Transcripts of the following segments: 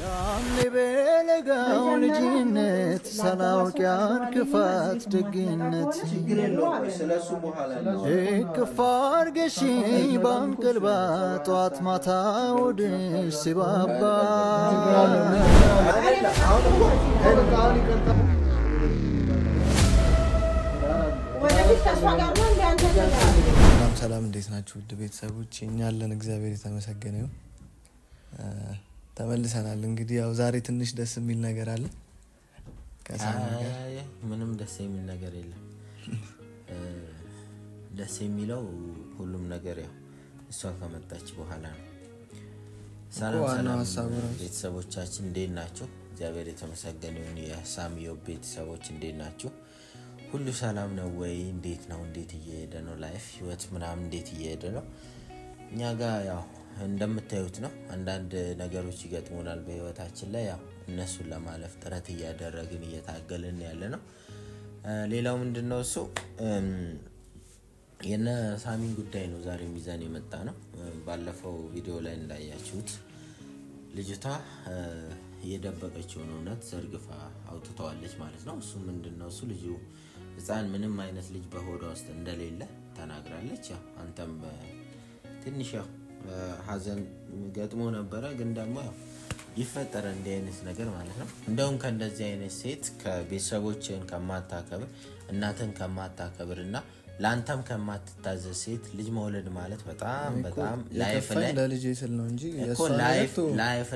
ያኔ በለጋው ልጅነት ሳላውቅ ያን ክፋት ደግነት እቅፍ አድርገሽኝ በአንቀልባ ጠዋት ማታ ወድሽ ሲባባ ሰላም ሰላም፣ እንዴት ናችሁ ውድ ቤተሰቦች? እኛ አለን፣ እግዚአብሔር የተመሰገነ ይሁን። ተመልሰናል። እንግዲህ ያው ዛሬ ትንሽ ደስ የሚል ነገር አለ። ምንም ደስ የሚል ነገር የለም። ደስ የሚለው ሁሉም ነገር ያው እሷ ከመጣች በኋላ ነው። ሰላም ሰላም ቤተሰቦቻችን እንዴት ናቸው? እግዚአብሔር የተመሰገነ ይሁን። የሳሚዮ ቤተሰቦች እንዴት ናቸው? ሁሉ ሰላም ነው ወይ? እንዴት ነው? እንዴት እየሄደ ነው ላይፍ ህይወት ምናምን እንዴት እየሄደ ነው? እኛ ጋር ያው እንደምታዩት ነው። አንዳንድ ነገሮች ይገጥሙናል በህይወታችን ላይ ያው እነሱን ለማለፍ ጥረት እያደረግን እየታገልን ያለ ነው። ሌላው ምንድን ነው እሱ የነ ሳሚን ጉዳይ ነው ዛሬ ሚዛን የመጣ ነው። ባለፈው ቪዲዮ ላይ እንዳያችሁት ልጅቷ የደበቀችውን እውነት ዘርግፋ አውጥተዋለች ማለት ነው። እሱ ምንድን ነው እሱ ልጁ ህፃን ምንም አይነት ልጅ በሆዷ ውስጥ እንደሌለ ተናግራለች። አንተም ትንሽ ያው ሀዘን ገጥሞ ነበረ። ግን ደግሞ ይፈጠረ እንዲህ አይነት ነገር ማለት ነው። እንደውም ከእንደዚህ አይነት ሴት ከቤተሰቦችን ከማታከብር እናትን ከማታከብር እና ለአንተም ከማትታዘ ሴት ልጅ መውለድ ማለት በጣም በጣም ላይፍ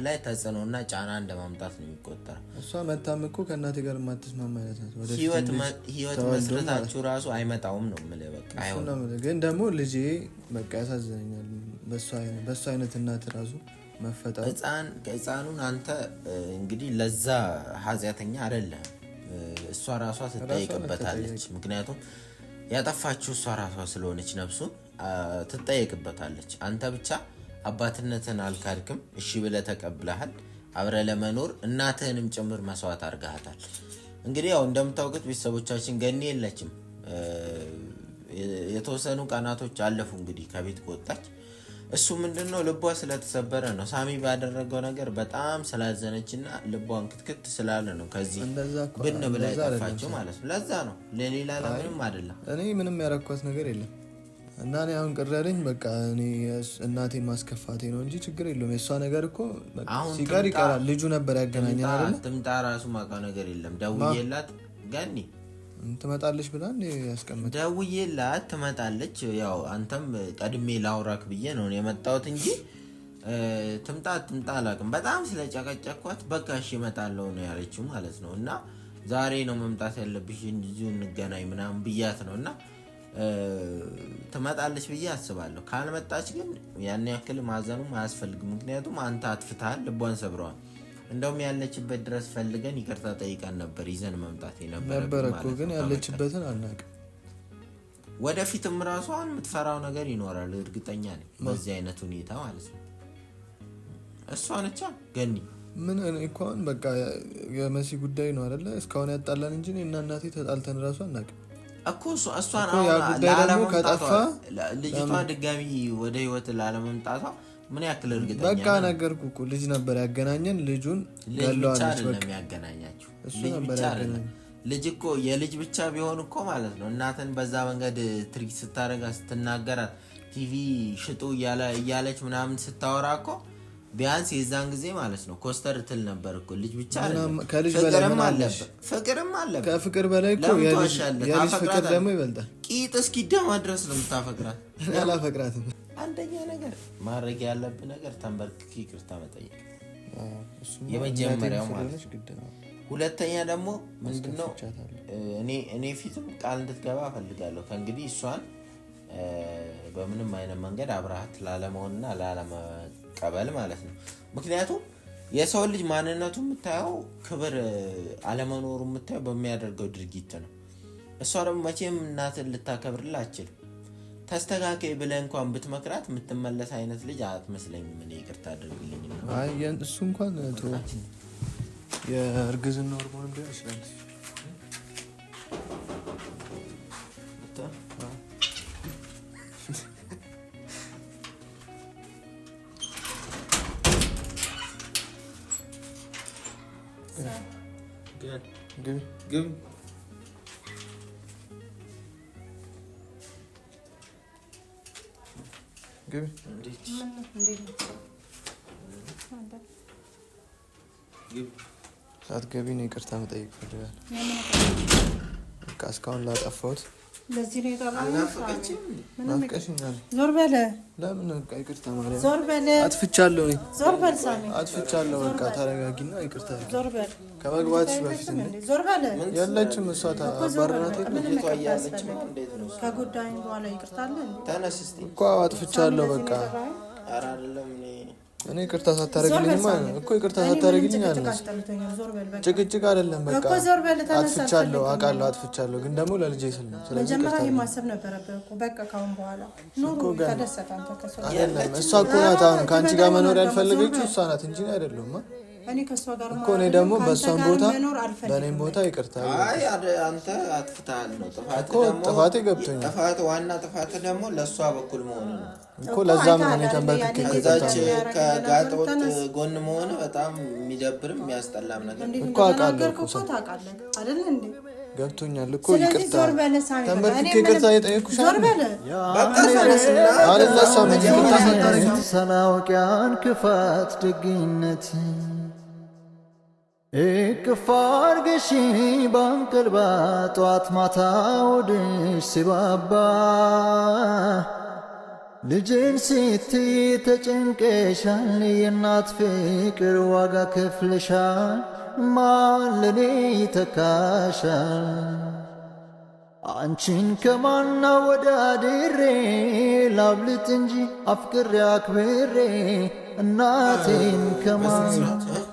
ላይ ተጽዕኖና ጫና እንደማምጣት ነው የሚቆጠረው። እሷ መታም እኮ ከእናቴ ጋር የማትስማማ አይነት ናት። ህይወት መስረታችሁ ራሱ አይመጣውም ነው የምልህ። በቃ ግን ደግሞ ልጄ በቃ ያሳዝነኛል በእሱ አይነት እናት ራሱ መፈጠር ህፃኑን አንተ እንግዲህ ለዛ ኃጢአተኛ አይደለም፣ እሷ ራሷ ትጠይቅበታለች። ምክንያቱም ያጠፋችው እሷ ራሷ ስለሆነች ነፍሱን ትጠየቅበታለች። አንተ ብቻ አባትነትን አልካድክም፣ እሺ ብለህ ተቀብለሃል። አብረ ለመኖር እናትህንም ጭምር መስዋዕት አድርገሃታል። እንግዲህ ያው እንደምታውቁት ቤተሰቦቻችን ገኒ የለችም። የተወሰኑ ቀናቶች አለፉ እንግዲህ ከቤት ከወጣች እሱ ምንድን ነው ልቧ ስለተሰበረ ነው። ሳሚ ባደረገው ነገር በጣም ስላዘነች እና ልቧን ክትክት ስላለ ነው ከዚህ ብን ብላ የጠፋቸው ማለት ነው። ለዛ ነው ለሌላ ለምንም አይደለም። እኔ ምንም ያረኳት ነገር የለም እና እኔ አሁን ቅር ያለኝ በቃ እናቴ ማስከፋቴ ነው እንጂ ችግር የለውም። የእሷ ነገር እኮ ሲቀር ይቀራል። ልጁ ነበር ያገናኘን። ትምጣ ራሱ ማውቀው ነገር የለም። ደውዬላት ገኒ ትመጣለች ብላን ያስቀምጥ ደውዬ ላት ትመጣለች። ያው አንተም ቀድሜ ላውራክ ብዬ ነው የመጣሁት እንጂ ትምጣ ትምጣ አላውቅም። በጣም ስለጨቀጨኳት በቃ እሺ እመጣለሁ ነው ያለችው ማለት ነው። እና ዛሬ ነው መምጣት ያለብሽ እንዲሁ እንገናኝ ምናምን ብያት ነው እና ትመጣለች ብዬ አስባለሁ። ካልመጣች ግን ያን ያክል ማዘኑም አያስፈልግም። ምክንያቱም አንተ አትፍታል፣ ልቧን ሰብረዋል። እንደውም ያለችበት ድረስ ፈልገን ይቅርታ ጠይቀን ነበር ይዘን መምጣት ነበረ እኮ ግን ያለችበትን አናውቅም። ወደፊትም ራሷን የምትፈራው ነገር ይኖራል፣ እርግጠኛ ነኝ። በዚህ አይነት ሁኔታ ማለት ነው። እሷ ነቻ ገኒ ምን እንኳን በቃ የመሲ ጉዳይ ነው አደለ? እስካሁን ያጣላን እንጂ እና እናቴ ተጣልተን ራሱ አናውቅም እኮ እሷን። አሁን ለአለመምጣቷ ልጅቷ ድጋሚ ወደ ህይወት ላለመምጣቷ ምን ያክል እርግጠኛ በቃ ነገርኩ እኮ ልጅ ነበር ያገናኘን። ልጁን ልጅ እኮ የልጅ ብቻ ቢሆን እኮ ማለት ነው። እናትን በዛ መንገድ ትርክ ስታደረጋ ስትናገራት ቲቪ ሽጡ እያለች ምናምን ስታወራ እኮ ቢያንስ የዛን ጊዜ ማለት ነው ኮስተር ትል ነበር እኮ ልጅ ብቻ ፍቅርም አለ። ከፍቅር በላይ የልጅ ፍቅር ደግሞ ይበልጣል። ቂጥ እስኪደማ ድረስ ነው የምታፈቅራት። አላፈቅራትም አንደኛ ነገር ማድረግ ያለብህ ነገር ተንበርክክ ይቅርታ መጠየቅ የመጀመሪያው ማለት ሁለተኛ ደግሞ ምንድነው እኔ ፊትም ቃል እንድትገባ እፈልጋለሁ። ከእንግዲህ እሷን በምንም አይነት መንገድ አብረሃት ላለመሆንና ላለመቀበል ማለት ነው። ምክንያቱም የሰው ልጅ ማንነቱ የምታየው ክብር አለመኖሩ የምታየው በሚያደርገው ድርጊት ነው። እሷ ደግሞ መቼም እናትን ልታከብርላ አችልም። ተስተካከይ ብለህ እንኳን ብትመክራት የምትመለስ አይነት ልጅ አትመስለኝም። እኔ ይቅርታ አድርግልኝ። እሱ እንኳን የእርግዝና ሆርሞን ቢሆን ይችላል። ግብ ግቢ። ሳትገቢ ነው ይቅርታ መጠየቅ ፈልጋለሁ። በቃ እስካሁን ላጠፋሁት ለዚህ ነው የጠራሁት። ዞር በለ ለምን በቃ ይቅርታ ማለት ዞር በለ አጥፍቻለሁ፣ ዞር በል አጥፍቻለሁ። በቃ ታረጋጊና ይቅርታ ዞር በል ከመግባትሽ በፊት ዞር በለ ያለችም እሷ ታባርናት ከጉዳዩ በኋላ ይቅርታ እኮ አጥፍቻለሁ በቃ እኔ ይቅርታ ሳታደርግልኝማ እኮ ይቅርታ ሳታደርግልኝ ጭቅጭቅ አይደለም። በቃ አጥፍቻለሁ፣ አውቃለሁ፣ አጥፍቻለሁ። ግን ደግሞ ለልጄ ስል ነው። ማሰብ በቃ በኋላ እሷ እኮ ናት አሁን ከአንቺ ጋር መኖር ያልፈለገችው እሷ ናት እንጂ አይደለሁማ እኔ ደግሞ በእሷን ቦታ በእኔም ቦታ ይቅርታ አንተ አጥፍተሃል ነው ጥፋቴ ገብቶኛል። ጥፋት ዋና ጥፋት ደግሞ ለእሷ በኩል መሆኑ ነው እኮ ለዛ ምን እኔ ተንበርክኬ ከዛች ከጋጠወጥ ጎን መሆኑ በጣም የሚደብርም የሚያስጠላም ነገር እኮ አውቃለሁ አይደል እንዴ ገብቶኛል እኮ ይቅርታ ተንበርክኬ ይቅርታ የጠየኩሽ አለዛ ክፋት ደግነት እቅፍ አርግሽ በአንቀልባ ጠዋት ማታ ወድሽ ሲባባ ልጅን ስትይ ተጨንቀሻል፣ የእናት ፍቅር ዋጋ ከፍለሻል፣ ማለኔ ተካሻል። አንቺን ከማና ወዳድሬ ላብልጥ እንጂ አፍቅሬ አክብሬ እናቴን ከማና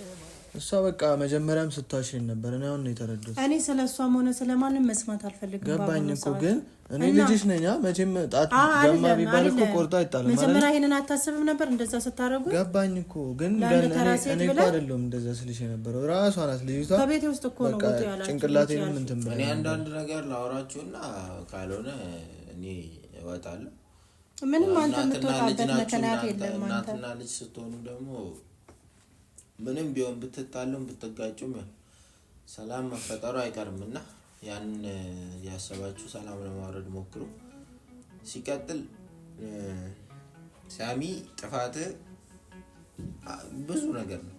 እሷ በቃ መጀመሪያም ስታሽን ነበር። እኔ አሁን የተረዳሁት እኔ ስለ እሷም ሆነ ስለማንም መስማት አልፈልግም። ገባኝ እኮ ግን እኔ ልጅሽ ነኝ። መቼም ጣት ገማ ቢባል እኮ ቆርጦ አይጣልም። መጀመሪያ ይሄንን አታስብም ነበር እንደዛ ስታደርጉ። ገባኝ እኮ ግን እኔ እኮ አይደለሁም እንደዛ ስልሽ የነበረው ራሷ ናት ልጅቷ። ከቤት ውስጥ እኮ ነው ጭንቅላቴንም እንትን ብላ እኔ አንዳንድ ነገር ላወራችሁና ካልሆነ እኔ እወጣለሁ። ምንም አንተ የምትወጣበት ምክንያት የለም። እናትና ልጅ ስትሆኑ ደግሞ ምንም ቢሆን ብትጣሉም ብትጋጩም ሰላም መፈጠሩ አይቀርም እና ያን ያሰባችሁ ሰላም ለማውረድ ሞክሩ። ሲቀጥል ሳሚ ጥፋት ብዙ ነገር ነው።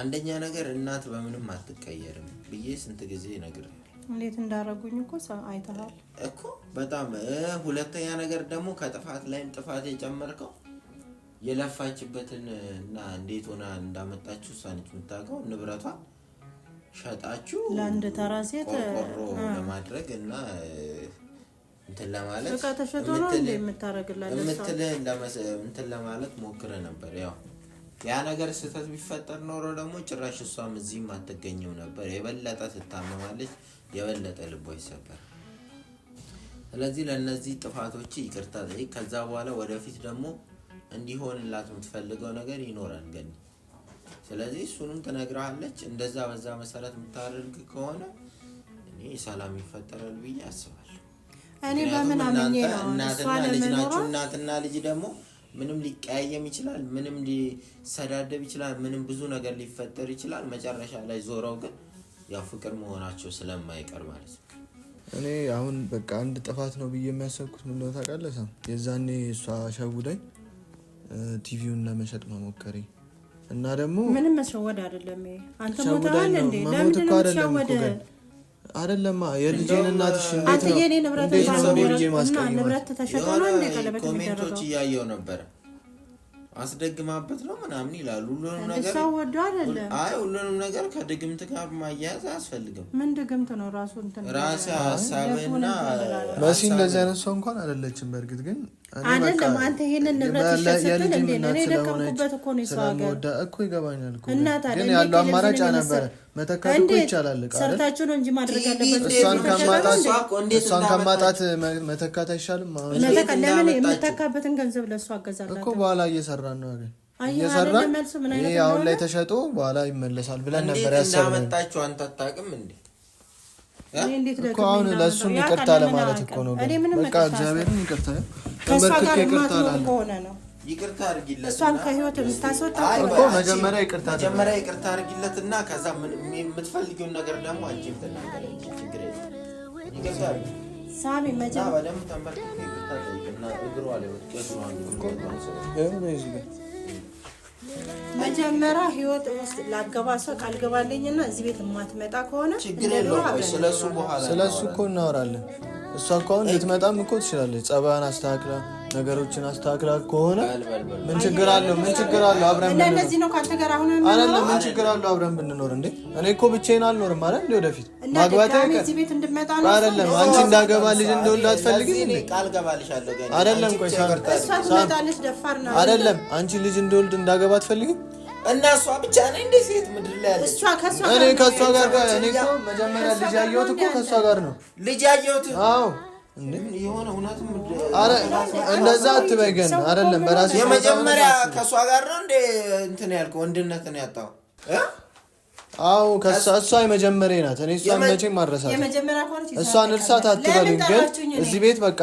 አንደኛ ነገር እናት በምንም አትቀየርም ብዬ ስንት ጊዜ እነግርህ እንዴት እንዳረጉኝ እኮ አይተሃል እኮ በጣም ሁለተኛ ነገር ደግሞ ከጥፋት ላይም ጥፋት የጨመርከው የለፋችበትን እና እንዴት ሆና እንዳመጣችሁ እሷ ነች የምታውቀው። ንብረቷን ሸጣችሁ ለአንድ ተራ ሴት ቆርቆሮ ለማድረግ እና እንትን ለማለት በቃ ተሸጦ ነው እንደ የምታደርግላእንትን ለማለት ሞክረ ነበር። ያው ያ ነገር ስህተት ቢፈጠር ኖሮ ደግሞ ጭራሽ እሷም እዚህም አትገኝም ነበር። የበለጠ ትታመማለች፣ የበለጠ ልቧ ይሰበር። ስለዚህ ለእነዚህ ጥፋቶች ይቅርታ ጠይቅ። ከዛ በኋላ ወደፊት ደግሞ እንዲሆንላት የምትፈልገው ነገር ይኖራል ገኒ። ስለዚህ እሱንም ትነግርሃለች። እንደዛ በዛ መሰረት የምታደርግ ከሆነ እኔ ሰላም ይፈጠራል ብዬ አስባለሁ። እኔ በምን አምኜ ነው እናትና ልጅ ናቸው እናትና ልጅ ደግሞ ምንም ሊቀያየም ይችላል፣ ምንም ሊሰዳደብ ይችላል፣ ምንም ብዙ ነገር ሊፈጠር ይችላል። መጨረሻ ላይ ዞረው ግን ያው ፍቅር መሆናቸው ስለማይቀር ማለት ነው። እኔ አሁን በቃ አንድ ጥፋት ነው ብዬ የሚያሰብኩት ምንድነው ታውቃለህ? የዛኔ እሷ ሸጉዳኝ ቲቪውን ለመሸጥ መሞከሬ እና ደግሞ ምንም መሸወድ አይደለም። አንተ ሞተሃል እንዴ? ለምንድን ነው አይደለም የልጄን እናትሽ የኔ ንብረት ኮሜንቶች እያየው ነበረ። አስደግማበት ነው ምናምን ይላሉ። ሁሉንም ነገር ሁሉንም ነገር ከድግምት ጋር ማያያዝ አያስፈልግም። ምን ድግምት ነው ራሱ ራሴ ሀሳብና መሲ እንደዚህ አይነት ሰው እንኳን አይደለችም። በእርግጥ ግን አይደለም አንተ ይሄንን ንብረት ይሸሰትን እንዴ ነው? እኔ ደከምኩበት እኮ ነው። የሰው ሀገር ይገባኛል እኮ ግን ያለው አማራጭ ነበረ መተካት እኮ ይቻላል። ሰርታችሁ ነው እንጂ ማድረግ ያለበት። እሷን ከማጣት መተካት አይሻልም? ለምን የምተካበትን ገንዘብ ለእሱ አገዛላት እኮ በኋላ እየሰራን ነው ያገኝ እየሰራን ይሄ አሁን ላይ ተሸጦ በኋላ ይመለሳል ብለን ነበር ያሰብነው። አንተ አታውቅም እንዴ እኮ አሁን ለእሱም ይቅርታ ለማለት እኮ ነው። በቃ እግዚአብሔርን ይቅርታ ከመርክክ ይቅርታ ላለ ይቅርታ እሷን ከህይወት የምታስወጣ እኮ መጀመሪያ ይቅርታ መጀመሪያ ይቅርታ አድርጊለት እና ከዛ የምትፈልጊውን ነገር ደግሞ አንቺ ሳሚ መጀመሪያ መጀመሪያ ህይወት ውስጥ ላገባ ሰው ካልገባልኝና እዚህ ቤት የማትመጣ ከሆነ ችግር የለውም። ስለሱ በኋላ ስለሱ እኮ እናወራለን። እሷ እኮ አሁን ልትመጣም እኮ ትችላለች፣ ጸባያን አስተካክላ ነገሮችን አስተካክላል ከሆነ ምን ችግር አለው? ምን ችግር አለው? አብረን ብንኖር እንዴ? እኔ እኮ ብቻዬን አልኖርም ማለት ነው። ወደፊት ማግባት አይደለም። አንቺ እንዳገባ ልጅ እንደወልድ አትፈልግም እንዴ? አይደለም። ቆይ አይደለም። አንቺ ልጅ እንደወልድ እንዳገባ አትፈልግም? እና እሷ ብቻ ነኝ እንደ ሴት ምድር ላይ ያለች። እኔ ከእሷ ጋር እኔ እኮ መጀመሪያ ልጅ ያየሁት እኮ ከእሷ ጋር ነው ልጅ ያየሁት። አዎ አረ እንደዛ አትበገን። አይደለም በራስህ የመጀመሪያ ከእሷ ጋር ነው እንደ እንትን ያልከው ወንድነት ነው ያጣው አዎ እሷ የመጀመሪያ ናት። እኔ እሷን መቼም ማረሳት እሷን እርሳት አትበሉኝ። ግን እዚህ ቤት በቃ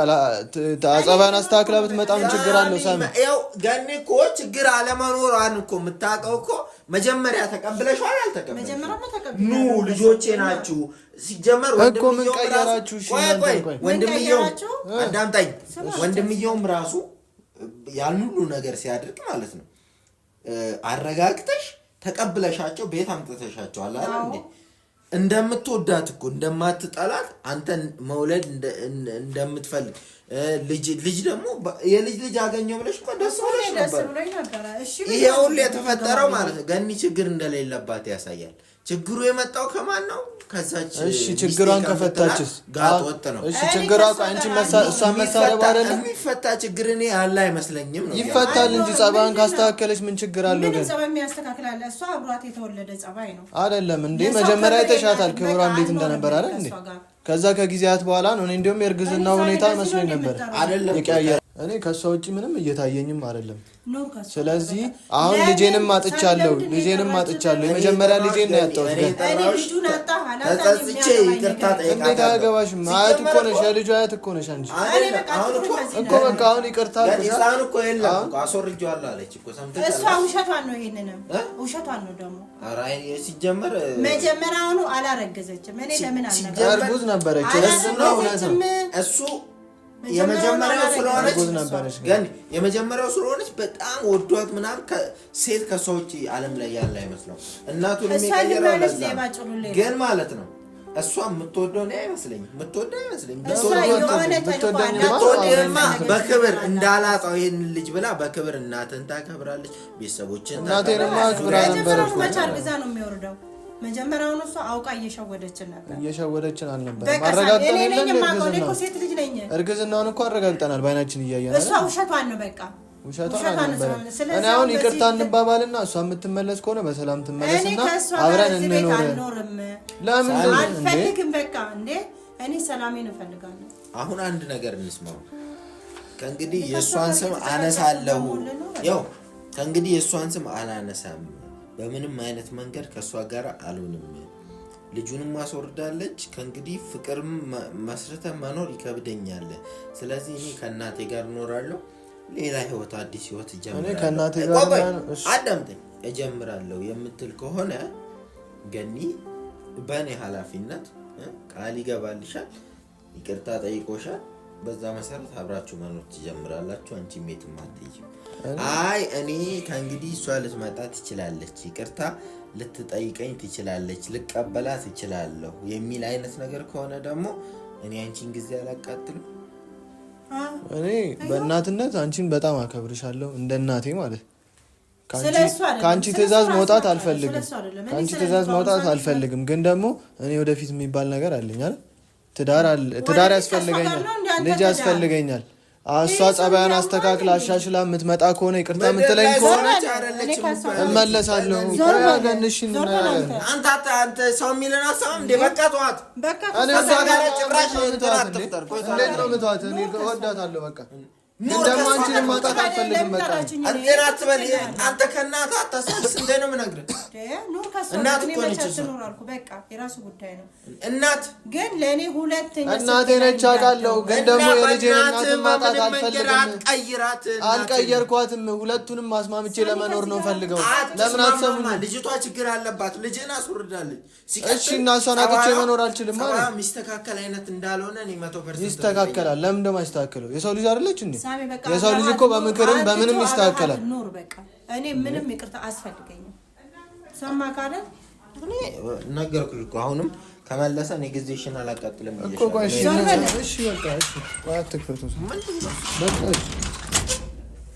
አጸባን አስተካክላ ብትመጣም ችግር አለው። ያው ገኒ እኮ ችግር አለመኖሯን እኮ የምታውቀው እኮ መጀመሪያ ተቀብለሻል አልተቀበለሽም? ኑ ልጆቼ ናችሁ ሲጀመር እኮ ምን ቀየራችሁ? ወንድምየውም አዳምጣኝ። ወንድምየውም ራሱ ያን ሁሉ ነገር ሲያደርግ ማለት ነው አረጋግተሽ ተቀብለሻቸው ቤት አምጥተሻቸዋል አይደል እንዴ? እንደምትወዳት እኮ እንደማትጠላት አንተ መውለድ እንደምትፈልግ ልጅ ልጅ ደግሞ የልጅ ልጅ አገኘው ብለሽ እኮ ደስ ብለሽ ነበር። ይሄ ሁሉ የተፈጠረው ማለት ነው ገኒ ችግር እንደሌለባት ያሳያል። ችግሩ የመጣው ከማን ነው? ከዛች ችግሯን ከፈታችስ ጋጥ ወጥ ነው። እሺ፣ ችግሯ አንቺ እሷ መሳደብ አይደለም የሚፈታ ችግር እኔ አለ አይመስለኝም። ነው ይፈታል እንጂ ጸባይን ካስተካከለች ምን ችግር አለው? ግን ጸባይ የሚያስተካክል አለ። እሷ አብሯት የተወለደ ጸባይ ነው አይደለም እንዴ? መጀመሪያ ይተሻታል። ክብሯ እንዴት እንደነበር አይደል እንዴ? ከዛ ከጊዜያት በኋላ ነው እኔ እንደውም የእርግዝና ሁኔታ መስሎኝ ነበር አይደለም ይቀያየራል እኔ ከእሷ ውጭ ምንም እየታየኝም አይደለም። ስለዚህ አሁን ልጄንም አጥቻለሁ፣ ልጄንም አጥቻለሁ። የመጀመሪያ ልጄን ነው ያጣሁት። ተጸጽቼ ይቅርታ ጠይቃለሁ። እንዴት አያገባሽም? አያት እኮ ነሽ፣ የልጁ አያት እኮ ነሽ አንቺ እኮ በቃ አሁን ይቅርታ እኮ አለች እኮ ሰምተሽ። ነው፣ ይሄንንም ነው ሲጀመር አላረገዘችም። እኔ ለምን ነበረች እሱ የመጀመሪያው ስለሆነች ግን የመጀመሪያው ስለሆነች በጣም ወዷት ምናምን ሴት ከሰው ውጭ ዓለም ላይ ያለ አይመስለው እናቱን ግን ማለት ነው። እሷ የምትወደው እኔ አይመስለኝም፣ የምትወደው አይመስለኝም። በክብር እንዳላጣው ይህን ልጅ ብላ በክብር እናትን ታከብራለች፣ ቤተሰቦችን ታከብራለች። መጀመሪያውን እሷ አውቃ እየሸወደችን ነበር። እየሸወደችን አልነበረም። አረጋግጠን ሴት ልጅ ነኝ እርግዝናውን እኮ አረጋግጠናል፣ በአይናችን እያየን እሷ ውሸቷን ነው በቃ እኔ አሁን ይቅርታ እንባባልና እሷ የምትመለስ ከሆነ በሰላም ትመለስና አብረን እንኖር። ለምን አልፈልግም በቃ እኔ ሰላሜን እፈልጋለሁ። አሁን አንድ ነገር እንስማው። ከእንግዲህ የእሷን ስም አነሳለሁ። ያው ከእንግዲህ የእሷን ስም አላነሳም በምንም አይነት መንገድ ከእሷ ጋር አልሆንም። ልጁንም ማስወርዳለች። ከእንግዲህ ፍቅር መስርተ መኖር ይከብደኛል። ስለዚህ እኔ ከእናቴ ጋር እኖራለሁ። ሌላ ህይወት፣ አዲስ ህይወት አዳምጠኝ እጀምራለሁ የምትል ከሆነ ገኒ በእኔ ኃላፊነት ቃል ይገባልሻል። ይቅርታ ጠይቆሻል። በዛ መሰረት አብራችሁ መኖር ትጀምራላችሁ። አንቺ ሜት አትይም። አይ እኔ ከእንግዲህ እሷ ልትመጣ ትችላለች፣ ይቅርታ ልትጠይቀኝ ትችላለች፣ ልቀበላ ትችላለሁ የሚል አይነት ነገር ከሆነ ደግሞ እኔ አንቺን ጊዜ አላቃጥልም። እኔ በእናትነት አንቺን በጣም አከብርሻለሁ፣ እንደ እናቴ ማለት ከአንቺ ትእዛዝ መውጣት አልፈልግም። ከአንቺ ትእዛዝ መውጣት አልፈልግም፣ ግን ደግሞ እኔ ወደፊት የሚባል ነገር አለኛል፣ ትዳር ያስፈልገኛል ልጅ ያስፈልገኛል። እሷ ጸባያን አስተካክል አሻሽላ የምትመጣ ከሆነ ይቅርታ የምትለኝ ከሆነ እመለሳለሁ። ገንሽ ሰው በቃ ተዋት። ጭራሽ በቃ እንደማንችን ማጣት አልፈልግም። በቃ እንዴት አንተ ከእናት አታስብስ። እንደ ነው የምነግርህ እናት ነች። ጉዳይ ነው። ግን ለእኔ ሁለተኛ እናቴ ነች አውቃለሁ። ግን ደግሞ የልጄን እናትን ማጣት አልፈልግም። አልቀየርኳትም። ሁለቱንም ማስማምቼ ለመኖር ነው ፈልገው። ለምን አትሰሙኝ? ልጅቷ ችግር አለባት። ልጄን አስወርዳለች። እሺ እና እሷን አቅቼ መኖር አልችልም። ሚስተካከል አይነት እንዳልሆነ እኔ መቶ ፐርሰንት ይስተካከላል። ለምን እንደማይስተካከለው የሰው ልጅ አይደለች እንዴ? የሰው ልጅ እኮ በምክርም በምንም ይስተካከላል። ኖር በቃ እኔ ምንም ይቅርታ አስፈልገኝም። ሰማ ካለ ነገርኩሽ እኮ አሁንም ከመለሰ እኔ ጊዜሽን አላቃጥልም።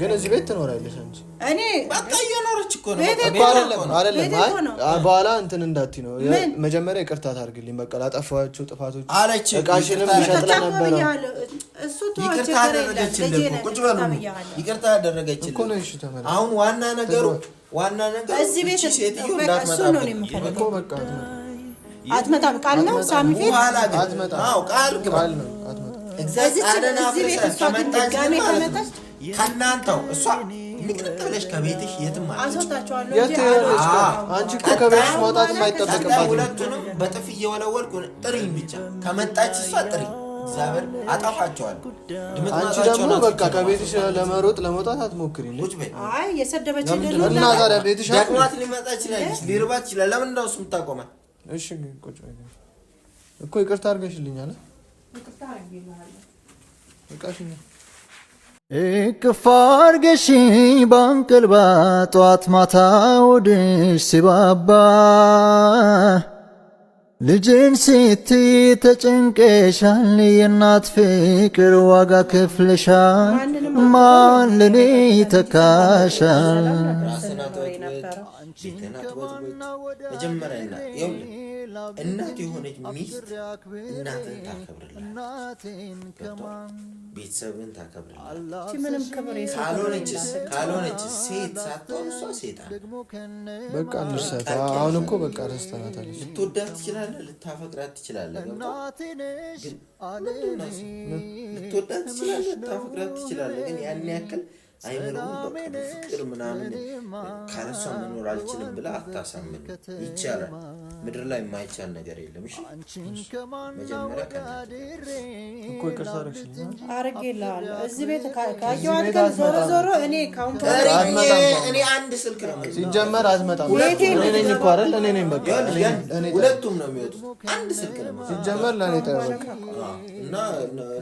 ግን እዚህ ቤት ትኖራለች እንጂ እኔ በቃ እየኖረች እኮ ነው እኮ አይደለም። አይ በኋላ እንትን እንዳትዪ ነው። መጀመሪያ ይቅርታ ታድርግልኝ። በቃ ላጠፋኋቸው ጥፋቶች አለች። እቃሽንም ይሸጥላ ነበረ ይቅርታ ያደረገችልህ ቁጭ በሉ። ይቅርታ እኮ ነው። እሺ ያደረገችልህ አሁን ዋና ነገሩ ዋና ነገሩ እዚህ ቤት ሴትዮ እንዳትመጣ እኮ በቃ አትመጣም። ቃል ነው ሳሚ ፊት አትመጣም። ቃል ግባ። እዚህ ቤት እሷ ግን ድጋሜ ከመጣች ከእናንተው እሷ ንቅንቅ ብለሽ ከቤትሽ የትም አልወጣችም። አንቺ እኮ ከቤትሽ መውጣት የማይጠበቅባት ሁለቱንም በጥፍ እየወለወልኩ ጥሪኝ፣ ብቻ ከመጣች እሷ ጥሪ። እግዚአብሔር አጠፋቸዋለሁ። አንቺ ደግሞ በቃ ከቤትሽ ለመሮጥ ለመውጣት አትሞክሪ። አይ የሰደበች እና ታዲያ ቤትሽ ደክማት ሊመጣ ይችላል፣ ሊርባት ይችላል። ለምን እንደው እሱ የምታቆመን? እሺ ቁጭ እኮ ይቅርታ አድርገሽልኛል። ይቅርታ አድርገሽልኛል። እቅፍ አርገሽኝ ባንቀልባ ጧት ማታ ወድሽ ሲባባ ልጅን ሴት ተጨንቀሻል፣ የእናት ፍቅር ዋጋ ከፍለሻል። ማን ለኔ ተካሻል? እናት የሆነች ሚስት እናትን ታከብርላለች፣ ቤተሰብን ታከብርላለች። ካልሆነችስ ሴት ሳትሆን እሷ ሴጣን በቃ እንርሳት። አሁን እኮ በቃ ረስተናታለች። ልትወዳት ትችላለች ትችላለህ፣ ልታፈቅራት ትችላለህ። ልትወዳት ትችላለ፣ ልታፈቅራት ትችላለህ። ግን ያን ያክል አይምሮውን በፍቅር ምናምን ካለሷ መኖር አልችልም ብላ አታሳምን። ይቻላል ምድር ላይ የማይቻል ነገር የለም። እሺ እዚህ ቤት ካየዋት ቀን ዞሮ ዞሮ እኔ አንድ ስልክ ነው ሲጀመር አትመጣም። እኔ ነኝ በቃ ሁለቱም ነው የሚወጡት። አንድ ስልክ ነው ሲጀመር ለእኔ ጠበቅ እና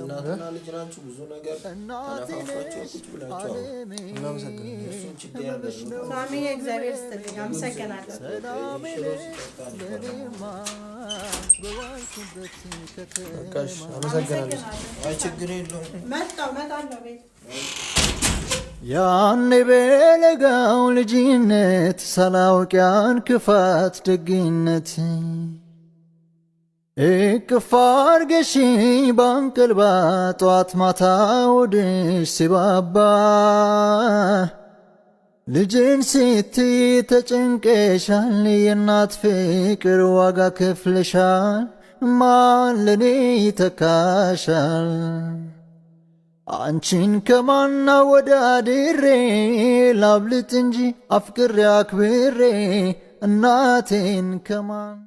እናትና ልጅ ናችሁ። ብዙ ነገር ተነፋፍራችሁ ቁጭ እናመሰግናለን። ሳሚ እግዚአብሔር ስትልኝ አመሰግናለሁ። ያኔ በለጋው ልጅነት ሳላውቅ ያን ክፋት ደግነት እቅፍ አድርገሽኝ ባንቀልባ ጠዋት ማታ ወድሽ ሲባባ ልጅን ስትይ ተጨንቀሻል፣ የእናት ፍቅር ዋጋ ከፍለሻል። ማን ለኔ ይተካሻል? አንቺን ከማና ወዳድሬ ላብልጥ እንጂ አፍቅሬ አክብሬ እናቴን ከማን